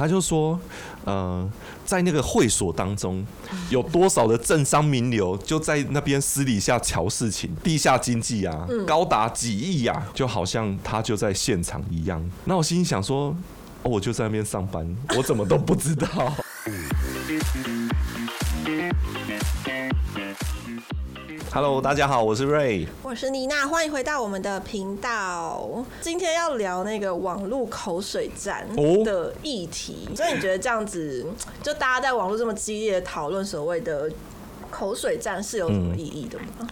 他就說，嗯、呃，在那個會所當中，有多少的政商名流就在那邊私底下搞事情，地下經濟啊，嗯、高達幾億呀、啊，就好像他就在現場一樣。那我心裡想說，哦，我就在那邊上班，我怎麼都不知道。 Hello，大家好，我是 Ray，我是妮娜，歡迎回到我們的頻道。今天要聊那個網絡口水戰的議題，哦、所以你覺得這樣子，就大家在網絡這麼激烈的討論所謂的口水戰，是有什麼意義的嗎？嗯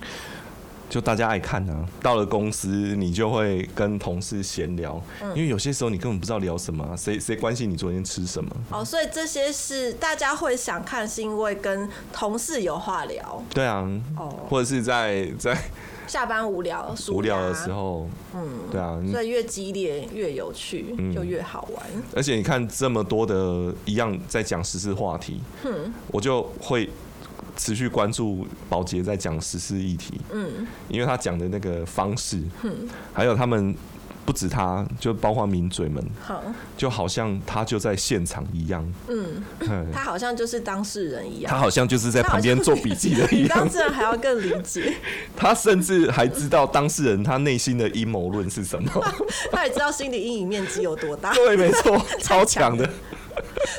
就大家愛看呢，啊，到了公司你就會跟同事閒聊，嗯、因為有些時候你根本不知道聊什麼，啊，誰誰關心你昨天吃什麼？嗯、哦，所以這些是大家會想看，是因為跟同事有話聊。對啊。哦，或者是在在，嗯、下班無聊無聊的時候，嗯，對啊。所以越激烈越有趣，嗯，就越好玩。而且你看這麼多的一樣在講時事話題，嗯，我就會。持續關注寶傑在講時事議題，嗯，因為他講的那個方式，嗯，還有他們不止他，就包括名嘴們，好，就好像他就在現場一樣，嗯，嘿他好像就是當事人一樣，他好像就是在旁邊做筆記的一樣，當事人還要更理解， 他甚至還知道當事人他內心的陰謀論是什麼， 他也知道心理陰影面積有多大， 對，沒錯，超強的。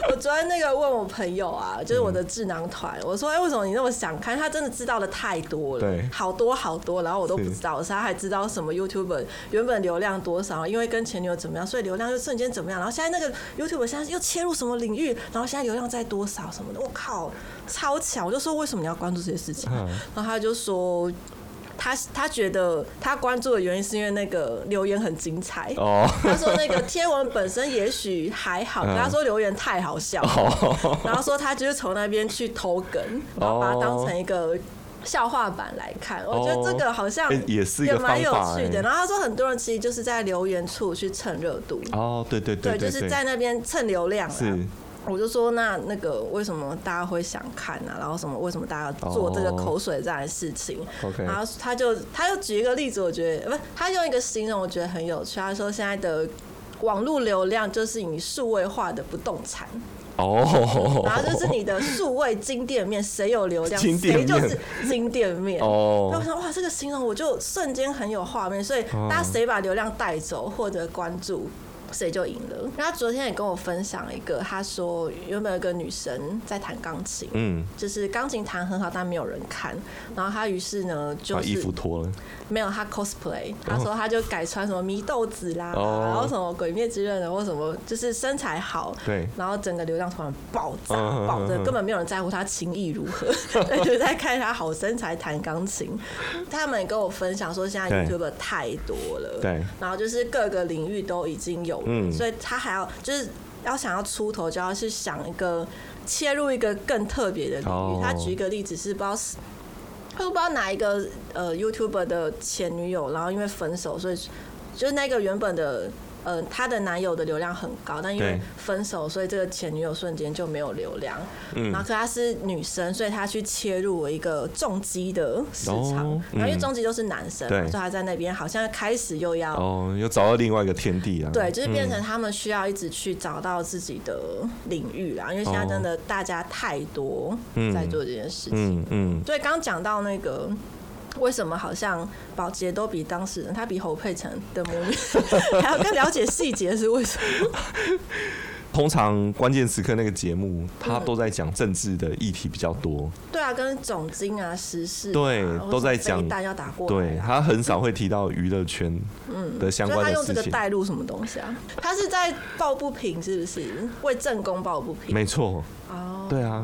我昨天那個問我朋友啊，就是我的智囊團，嗯、我說、欸、為什麼你那麼想看？他真的知道的太多了，對，好多好多，然後我都不知道，是我他還知道什麼 YouTuber 原本流量多少，因為跟前女友怎麼樣，所以流量又瞬間怎麼樣，然後現在那個 YouTuber 現在又切入什麼領域，然後現在流量在多少什麼的，我靠，超強！我就說為什麼你要關注這些事情？嗯、然後他就說。他他覺得他關注的原因是因為那個留言很精彩哦。Oh. 他說那個天文本身也許還好，uh. 他說留言太好笑了，oh. 然後說他就是從那邊去投梗，oh. 然後把它當成一個笑話版來看。Oh. 我覺得這個好像也蠻有趣的。欸、然後他說很多人其實就是在留言處去蹭熱度哦，oh. 對，對，對，對對對，對就是在那邊蹭流量啦。我就說那那個為什麼大家會想看呢？啊？然後什麼為什麼大家要做這個口水戰的事情？然後他就他又舉一個例子，我覺得不，他用一個形容我覺得很有趣。他說現在的網絡流量就是你數位化的不動產哦，然後就是你的數位金店面，誰有流量誰就是金店面哦。他說哇，這個形容我就瞬間很有畫面，所以大家誰把流量帶走或者關注。誰就贏了。然後昨天也跟我分享一個，他說有沒有一個女生在彈鋼琴？嗯，就是鋼琴彈很好，但沒有人看。然後他於是呢，就是衣服脫了，沒有他 cosplay。他說他就改穿什麼禰豆子啦，然後什麼鬼滅之刃的，或什麼就是身材好，對，然後整個流量突然爆炸，爆的根本沒有人在乎他琴藝如何，就在看他好身材彈鋼琴。他們也跟我分享說，現在 YouTuber 太多了，對，然後就是各個領域都已經有。嗯，所以他還要就是要想要出頭，就要去想一個切入一個更特別的領域。哦、他舉一個例子是不知道，我不知道哪一個呃 YouTuber 的前女友，然後因為分手，所以就是那個原本的。她、呃、的男友的流量很高，但因為分手，對所以這個前女友瞬間就沒有流量。嗯、然後，可她是，是女生，所以她去切入了一個重機的市場。哦嗯、然後，因為重機都是男生，對所以她在那邊好像開始又要哦，又找到另外一個天地啊。對，就是變成他們需要一直去找到自己的領域啊，嗯、因為現在真的大家太多在做這件事情。哦、嗯，所以剛講到那個。為什麼好像寶傑都比當事人，他比侯佩岑的母女還要更了解細節是為什麼？ 通常關鍵時刻那個節目，他都在講政治的議題比較多、嗯。對啊，跟總經啊、時事、啊、對都在講，飛彈要打過來、啊。對，他很少會提到娛樂圈，嗯，的相關的事情。嗯、他用這個帶入什麼東西啊？他是在抱不,不,不平，是不是為正宮抱不平？沒錯。哦。對啊，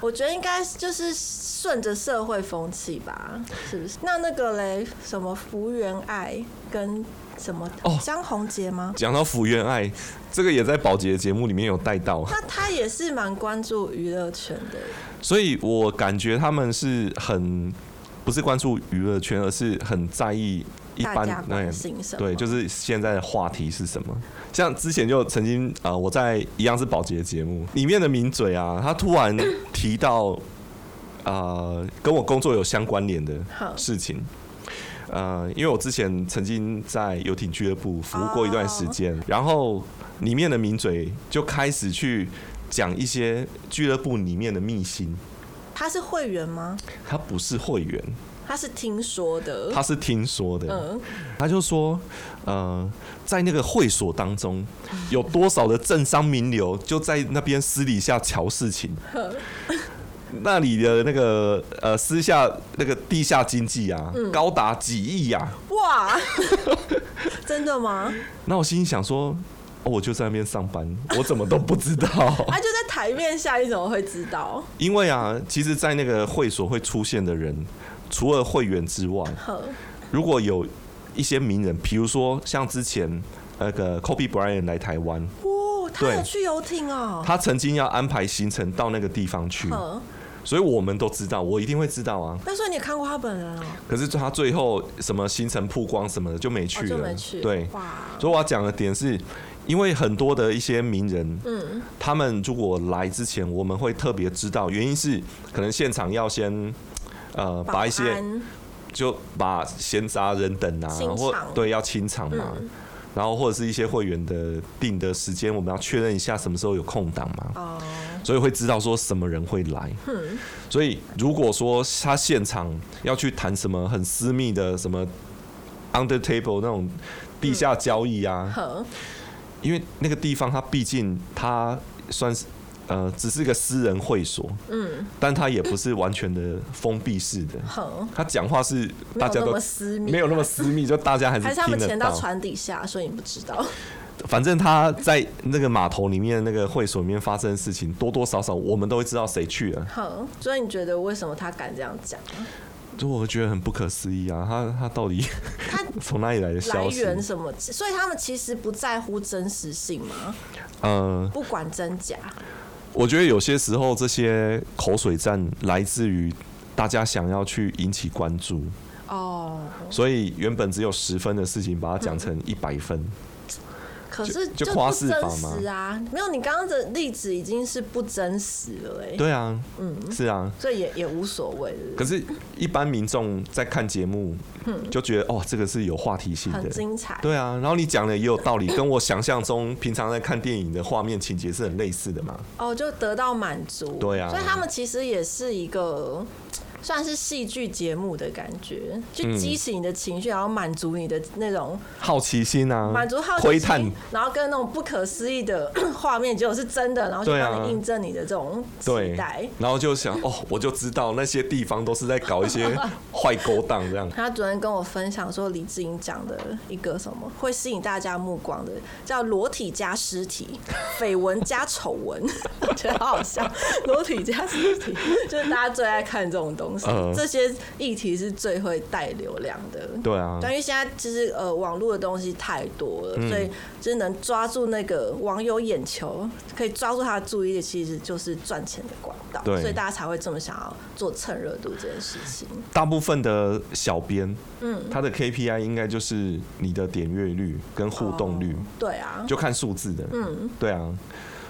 我覺得應該就是順着社會風氣吧，是不是？那那個嘞，什麼福原愛跟什麼江節哦，江宏傑嗎？講到福原愛，這個也在保潔的節目裡面有帶到， 那他也是蠻關注娛樂圈的。所以我感覺他們是很不是關注娛樂圈，而是很在意。一般對對，就是現在的話題是什麼？像之前就曾經啊，我在一樣是保潔節目裡面的名嘴啊，他突然提到啊、呃，跟我工作有相關聯的事情。呃，因為我之前曾經在遊艇俱樂部服務過一段時間，然後裡面的名嘴就開始去講一些俱樂部裡面的秘辛。他是會員嗎？他不是會員。他是聽說的，他是聽說的，嗯、他就說，嗯、呃，在那個會所當中，有多少的政商名流就在那邊私底下瞧事情，呵 那裡的那個呃，私下那個地下經濟啊，嗯、高達幾億呀、啊！哇， 真的嗎？那我心裡想說，哦，我就在那邊上班，我怎麼都不知道？ 他就在台面下，你怎麼會知道？因為啊，其實，在那個會所會出現的人，除了會員之外，如果有一些名人，比如說像之前那個 Kobe Bryant 來台灣，他有去遊艇哦，他曾經要安排行程到那個地方去，所以我們都知道，我一定會知道啊。但是你也看過他本人啊，可是他最後什麼行程曝光什麼的就沒去了，對。所以我要講的點是，因為很多的一些名人，嗯，他們如果來之前，我們會特別知道，原因，是可能現場要先。呃，把一些安就把閒雜人等啊，場或對要清場嘛，嗯、然後或者是一些會員的定的時間，我們要確認一下什麼時候有空檔嘛，哦、呃，所以會知道說什麼人會來，嗯、所以如果說他現場要去談什麼很私密的什麼 under table 那種地下交易啊，嗯、因為那個地方它畢竟它算是。呃，只是個私人會所，嗯，但他也不是完全的封閉式的，嗯，他講話是大家都沒有，啊，沒有那麼私密，就大家還是還是他們潛到船底下，所以你不知道。反正他在那個碼頭裡面那個會所裡面發生的事情，多多少少我們都會知道誰去了。嗯。所以你覺得為什麼他敢這樣講？就我覺得很不可思議啊，他他到底從哪裡來的消息？來源什麼？所以他們其實不在乎真實性嗎？呃，嗯，不管真假。我覺得有些時候，這些口水戰來自於大家想要去引起關注，哦，所以原本只有十分的事情，把它講成一百分。可是就真實啊。沒有，你剛剛的例子已經是不真實了。哎，對啊，嗯，是啊，所以也也無所謂。可是，一般民眾在看節目，就覺得哦，這個是有話題性的，精彩。對啊，然後你講的也有道理，跟我想象中平常在看電影的畫面情節是很類似的嘛？哦，就得到滿足。對啊，所以他們其實也是一個。算是戲劇節目的感覺，就激起你的情緒，嗯、然後滿足你的那種好奇心啊，滿足好奇心，探然後跟那種不可思議的畫面，結果是真的，然後就幫你印證你的這種期待，對啊、對然後就想 哦，我就知道那些地方都是在搞一些壞勾當這樣。他昨天跟我分享說，李志穎講的一個什麼會吸引大家目光的，叫裸體加屍體，緋聞加醜聞，我 覺得好好笑，裸體加屍體就是大家最愛看這種東西。呃、這些議題是最會帶流量的。對啊，但因為現在其實呃網絡的東西太多了，嗯、所以就是能抓住那個網友眼球，可以抓住他的注意力，其實就是賺錢的管道。對，所以大家才會這麼想要做蹭熱度這件事情。大部分的小編，嗯，他的 KPI 應該就是你的點閱率跟互動率。對啊，就看數字的。嗯，對啊。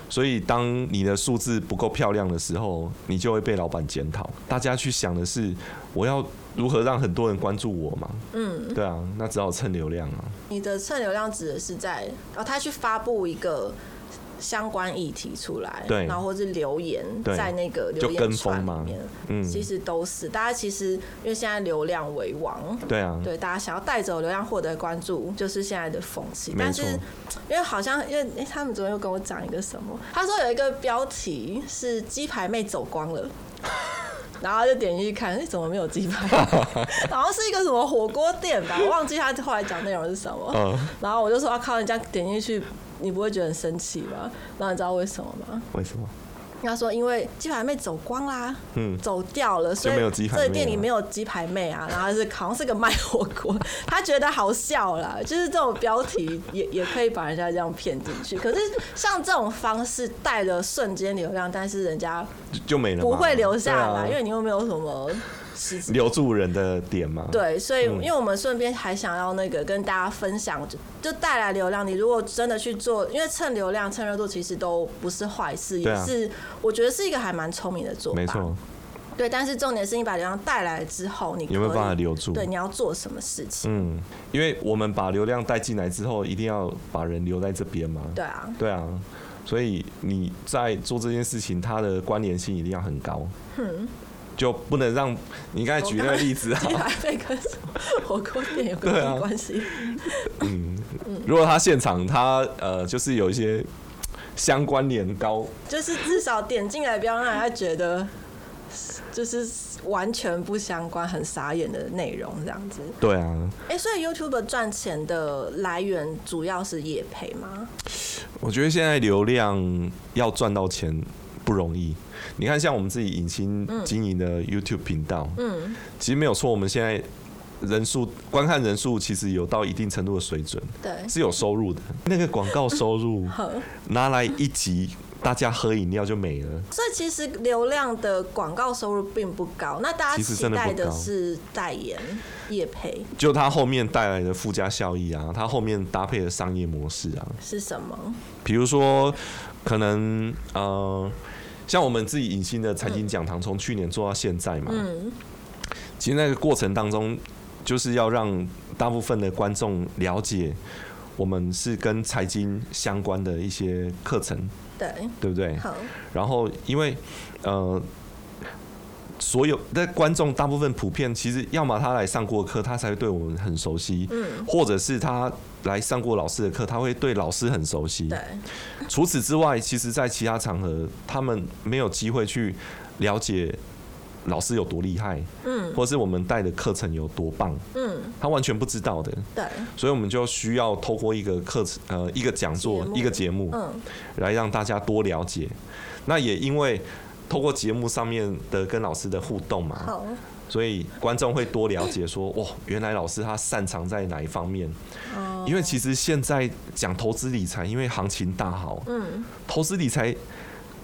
所以，當你的數字不夠漂亮的時候，你就會被老闆檢討。大家去想的是，我要如何讓很多人關注我嘛。嗯，對啊，那只好蹭流量啊。你的蹭流量指的是在，哦，他去發布一個。相關議題出來，對然後或是留言對在那個留言串裡面，嗯，其實都是大家其實因為現在流量為王，對啊，對，大家想要帶走流量獲得關注，就是現在的風氣。但是錯因為好像因為、欸、他們昨天又跟我講一個什麼？他說有一個標題是“雞排妹走光了”， 然後就點進去看，欸，怎麼沒有雞排？ 然後是一個什麼火鍋店吧，我忘記他後來講內容是什麼。 然後我就說：“要靠，人家點進去。”你不會覺得很生氣吧？那你知道為什麼嗎？為什麼？他說因為雞排妹走光啦，嗯，走掉了，所以所以店裡沒有雞排妹啊。妹啊然後是好像是個賣火鍋， 他覺得好笑啦。就是這種標題也 也可以把人家這樣騙進去。可是像這種方式帶的瞬間流量，但是人家就沒了，不會留下來，啊、因為你又沒有什麼。留住人的點嘛，對，所以因為我們順便還想要那個跟大家分享，嗯、就就帶來流量。你如果真的去做，因為蹭流量、蹭熱度其實都不是壞事，啊、也是我覺得是一個還蠻聰明的做法。沒錯。對，但是重點是你把流量帶來之後你可以，你有沒有辦法留住？對，你要做什麼事情？嗯，因為我們把流量帶進來之後，一定要把人留在這邊嘛。對啊，對啊。所以你在做這件事情，它的關聯性一定要很高。哼、嗯。就不能讓你剛才舉那個例子，好，你還被跟火鍋店有什麼關係？嗯，如果他現場他呃，就是有一些相關聯高，就是至少點進來不要讓他覺得就是完全不相關、很傻眼的內容這樣子。對啊。哎，所以 YouTube 賺錢的來源主要是業配嗎？我覺得現在流量要賺到錢。不容易，你看，像我們自己引擎經營的 YouTube 頻道，嗯，其實沒有錯。我們現在人數觀看人數其實有到一定程度的水準，對，是有收入的。那個廣告收入拿來一集，大家喝飲料就沒了。所以其實流量的廣告收入並不高，那大家期待的是代言、業配，就他後面帶來的附加效益啊，他後面搭配的商業模式啊是什麼？比如說。可能，呃，像我們自己恩星的財經講堂，從去年做到現在嘛，嗯，其實那個過程當中，就是要讓大部分的觀眾了解我們是跟財經相關的一些課程，對，對不對？好。然後，因為，呃。所有的觀眾大部分普遍，其實要麼他來上過課，他才會對我們很熟悉；嗯，或者是他來上過老師的課，他會對老師很熟悉。除此之外，其實，在其他場合，他們沒有機會去了解老師有多厲害，嗯，或是我們帶的課程有多棒，嗯，他完全不知道的。對。所以我們就需要透過一個課程，呃，一個講座，一個節目，嗯，來讓大家多了解。那也因為。通過節目上面的跟老師的互動嘛，所以觀眾會多了解說，哦，原來老師他擅長在哪一方面。因為其實現在講投資理財，因為行情大好，嗯，投資理財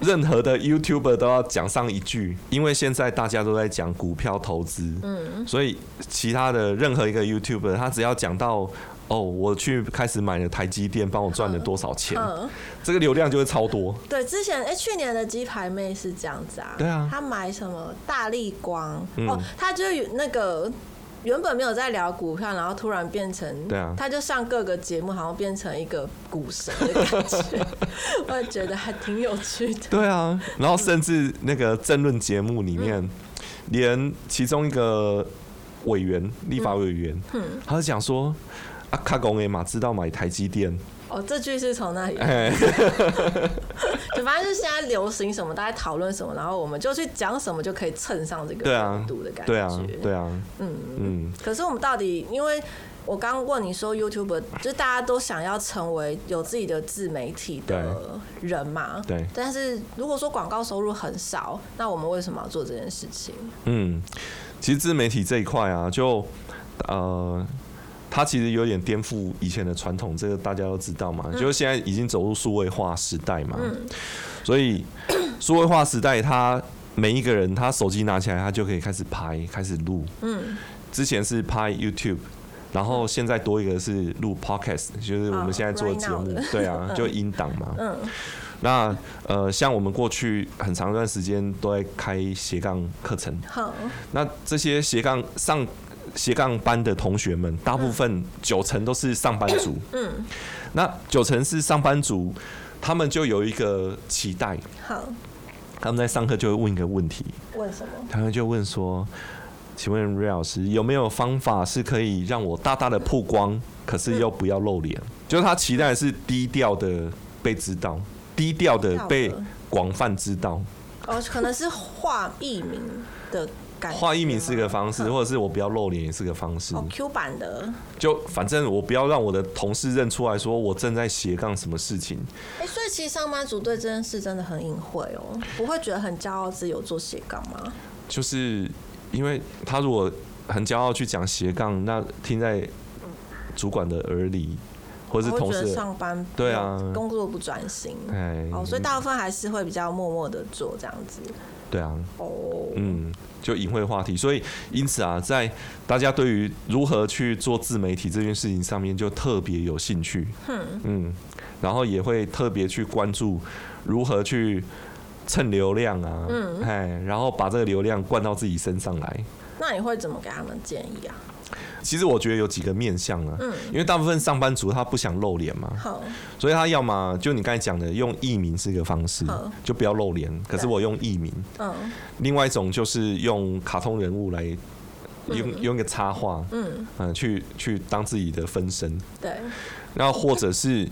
任何的 YouTuber 都要講上一句，因為現在大家都在講股票投資，嗯，所以其他的任何一個 YouTuber 他只要講到。哦，oh, 我去開始買了台積電，幫我賺了多少錢？嗯嗯、這個流量就會超多。對，之前哎、欸，去年的雞排妹是這樣子啊。對啊，她買什麼大立光、嗯、哦，她就那個原本沒有在聊股票，然後突然變成對啊，她就上各個節目，好像變成一個股神的感覺， 我也覺得還挺有趣的。對啊，然後甚至那個政論節目裡面，嗯、連其中一個委員、立法委員，嗯，嗯他就講說。啊，卡工誒嘛，知道買台積電。哦，這句是從哪裡？你、欸、 反正就是現在流行什麼，大家討論什麼，然後我們就去講什麼，就可以蹭上這個熱度的感覺對、啊。對啊，對啊，嗯嗯。嗯可是我們到底，因為我剛剛問你說，YouTube 就是大家都想要成為有自己的自媒體的人嘛？對。對但是如果說廣告收入很少，那我們為什麼要做這件事情？嗯，其實自媒體這一塊啊，就呃。它其實有點顛覆以前的傳統，這個大家都知道嘛，嗯、就是現在已經走入數位化時代嘛。嗯、所以數 位化時代，他每一個人他手機拿起來，他就可以開始拍，開始錄。嗯、之前是拍 YouTube，然後現在多一個是錄 Podcast，就是我們現在做的節目。好對啊，就音檔嘛。嗯嗯、那呃，像我們過去很長一段時間都在開斜槓課程。好。那這些斜槓上。斜槓班的同學們，大部分九成都是上班族。嗯，那九成是上班族，他們就有一個期待。好，他們在上課就會問一個問題。問什麼？他們就問說：“請問瑞老師，有沒有方法是可以讓我大大的曝光，可是又不要露臉？嗯、就是他期待是低調的被知道，低調的被廣泛知道。”哦，可能是畫藝名的。 化一名是一個方式，或者是我不要露臉也是個方式。哦、Q 版的，就反正我不要讓我的同事認出來說我正在斜槓什麼事情。哎、欸，所以其實上班族對這件事真的很隱晦哦，不會覺得很驕傲自己有做斜槓嗎？就是因為他如果很驕傲去講斜槓，那聽在主管的耳裡，或者是同事、哦、上班對啊，工作不專心。哎，哦，所以大部分還是會比較默默的做這樣子。對啊，oh. 嗯，就隱晦話題，所以因此啊，在大家對於如何去做自媒體這件事情上面就特別有興趣，嗯，hmm. 嗯，然後也會特別去關注如何去蹭流量啊，嗯，哎，然後把這個流量灌到自己身上來，那你會怎麼給他們建議啊？其實我覺得有幾個面向啊，因為大部分上班族他不想露臉嘛，好，所以他要麼就你剛才講的用藝名是一個方式，就不要露臉。可是我用藝名，嗯，另外一種就是用卡通人物來用用一個插畫，嗯嗯，去去當自己的分身，對。那或者是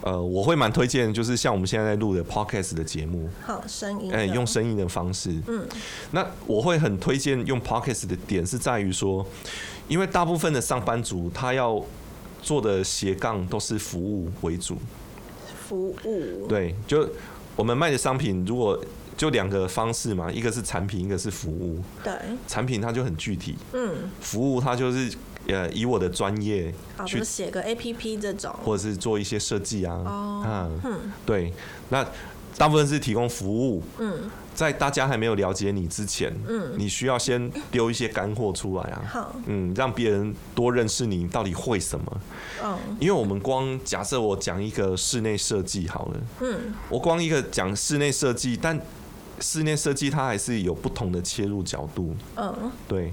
呃，我會蠻推薦，就是像我們現在在錄的 Podcast 的節目，好聲音，哎，用聲音的方式，嗯。那我會很推薦用 Podcast 的點是在於說。因為大部分的上班族，他要做的斜槓都是服務為主。服務。對，就我們賣的商品，如果就兩個方式嘛，一個是產品，一個是服務。對。產品它就很具體。嗯。服務它就是，呃，以我的專業去寫個 APP 這種，或者是做一些設計啊。哦。嗯。對，那。大部分是提供服務。嗯，在大家還沒有了解你之前，嗯，你需要先丟一些乾貨出來啊。好，嗯，讓別人多認識你到底會什麼。嗯，因為我們光假設我講一個室內設計好了。嗯，我光一個講室內設計，但。室內設計它還是有不同的切入角度，嗯，對，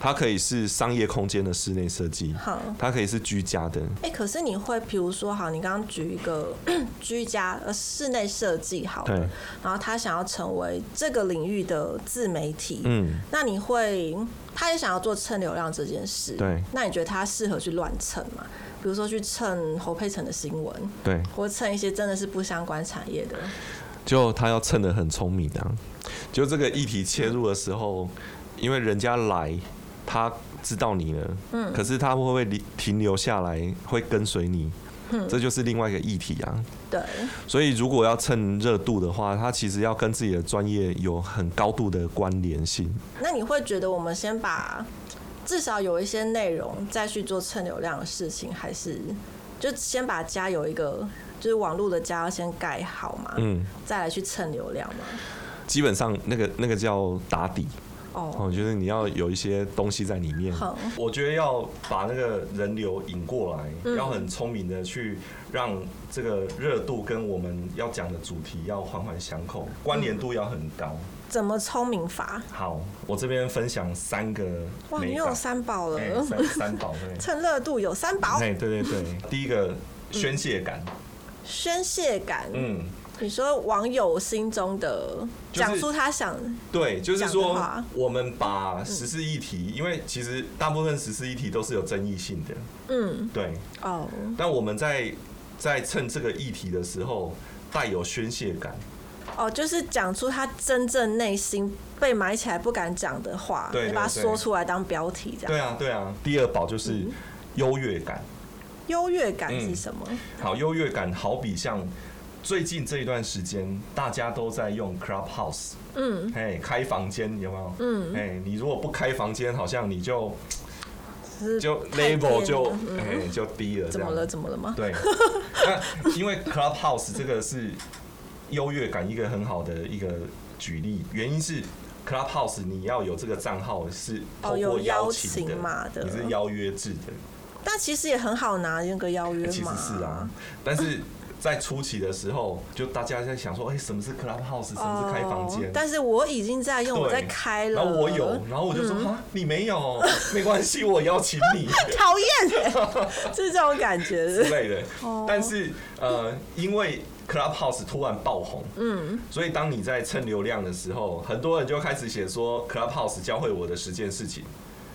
它可以是商業空間的室內設計，好，它可以是居家的。哎、欸，可是你會比如說，哈，你剛剛舉一個 居家、呃、室內設計，好，對，然後他想要成為這個領域的自媒體，嗯，那你會，他也想要做蹭流量這件事，對，那你覺得他適合去亂蹭嗎？比如說去蹭侯佩岑的新聞，對，或蹭一些真的是不相關產業的。就他要蹭得很聰明啊，就這個議題切入的時候，因為人家來，他知道你了，嗯，可是他會不會停留下來，會跟隨你？嗯，這就是另外一個議題啊。對。所以如果要蹭熱度的話，他其實要跟自己的專業有很高度的關聯性。那你會覺得我們先把至少有一些內容再去做蹭流量的事情，還是就先把家有一個？就是網絡的家要先蓋好嘛，嗯，再來去蹭流量嘛。基本上那個那個叫打底。哦。我覺得你要有一些東西在裡面。好。我覺得要把那個人流引過來，嗯、要很聰明的去讓這個熱度跟我們要講的主題要環環相扣，嗯、關聯度要很高。怎麼聰明法？好，我這邊分享三個。哇，你有三寶了。欸、三三寶，對。蹭熱度有三寶。哎、嗯，對對對，嗯、第一個宣洩感。宣泄感，嗯，你說網友心中的，講、就是、出他想對，就是說，我們把時事議題，嗯嗯、因為其實大部分時事議題都是有爭議性的，嗯，對，哦，但我們在在趁這個議題的時候帶有宣泄感，哦，就是講出他真正內心被埋起來不敢講的話，對,對,對，你把他說出來當標題，這樣，對啊，對啊。第二寶就是優越感。嗯優越感是什麼？嗯、好，優越感好比像最近這一段時間，大家都在用 Clubhouse，嗯，哎，開房間有沒有？嗯，哎，你如果不開房間，好像你就這是就 label 就、嗯、就低了，怎麼了？怎麼了嗎？對， 因為 Clubhouse 這個是優越感一個很好的一個舉例，原因是 Clubhouse 你要有這個賬號是通過邀請的，哦、有邀請嘛的，你是邀約制的。但其實也很好拿那個邀約嘛。其實是啊，但是在初期的時候，就大家在想說，哎，什麼是 Clubhouse，什麼是開房間？但是我已經在用，我在開了。然後我有，然後我就說，哈，你沒有，沒關係，我邀請你。討厭，是這種感覺的。之類的。哦。但是呃，因為 Clubhouse 突然爆紅，嗯，所以當你在蹭流量的時候，很多人就開始寫說，Clubhouse 教會我的十件事情。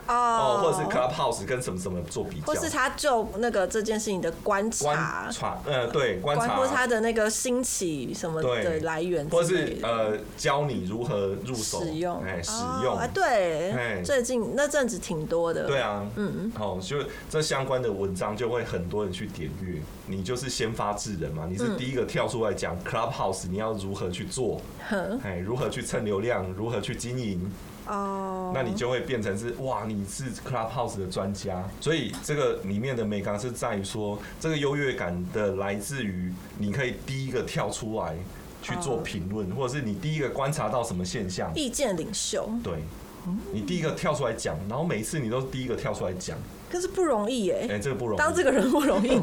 哦，oh, 或者是 Clubhouse 跟什麼什麼做比較，或是他就那個這件事情的觀察，觀呃對，觀察，或是他的那個興起什麼的來源的，或是呃，教你如何入手使用，哎、欸，使用，oh, 呃、對，欸、最近那陣子挺多的，對啊，嗯嗯，好、喔，就這相關的文章就會很多人去點閱，你就是先發制人嘛，你是第一個跳出來講 Clubhouse，你要如何去做，哎、嗯欸，如何去蹭流量，如何去經營。哦，uh、那你就會變成是哇，你是 Clubhouse 的專家，所以這個裡面的美感是在於說，這個優越感的來自於你可以第一個跳出來去做評論，uh、或者是你第一個觀察到什麼現象，意見領袖，對，你第一個跳出來講，然後每一次你都是第一個跳出來講。但是不容易耶！哎，這個不容易，當這個人不容易。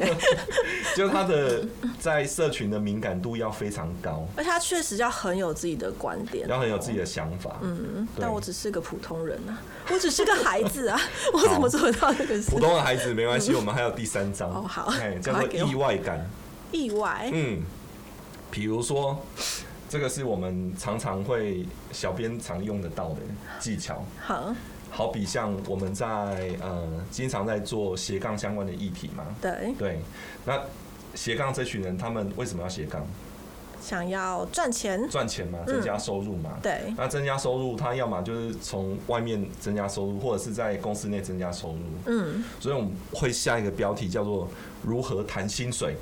就他的在社群的敏感度要非常高，而他確實要很有自己的觀點，要很有自己的想法。嗯，但我只是個普通人啊，我只是個孩子啊，我怎麼做到這個事？普通的孩子沒關係，我們還有第三章哦，好，叫做意外感。意外，嗯，比如說這個是我們常常會小編常用得到的技巧。好。好比像我們在嗯、呃，經常在做斜槓相關的議題嘛，對，對，那斜槓這群人他們為什麼要斜槓？想要賺錢，賺錢嘛，增加收入嘛，嗯，對，那增加收入，他要麼就是從外面增加收入，或者是在公司內增加收入，嗯，所以我們會下一個標題叫做如何談薪水。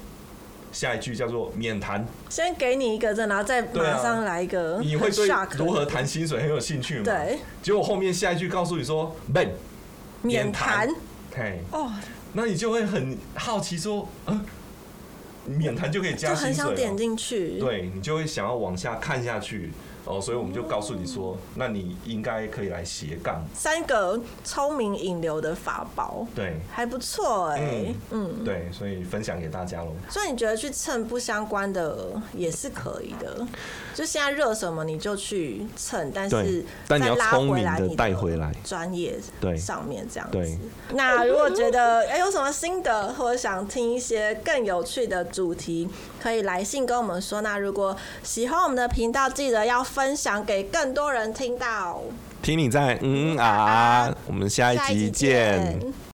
下一句叫做免談，先給你一個讚，然後再馬上來一個。啊、你會對如何談薪水很有興趣嗎？對。結果後面下一句告訴你說，免免談，對哦，那你就會很好奇說，啊、免談就可以加薪水，就很想點進去，對，你就會想要往下看下去。哦，所以我們就告訴你說，嗯、那你應該可以來斜槓三個聰明引流的法寶，對，還不錯哎、欸，嗯，嗯對，所以分享給大家嘍。所以你覺得去蹭不相關的也是可以的，就現在熱什麼你就去蹭，但是但你要聰明的帶回來，專業對上面這樣子對。對對，那如果覺得哎有什麼心得，或者想聽一些更有趣的主題，可以來信跟我們說。那如果喜歡我們的頻道，記得要。分享給更多人聽到，聽你在，嗯啊，我們下一集見。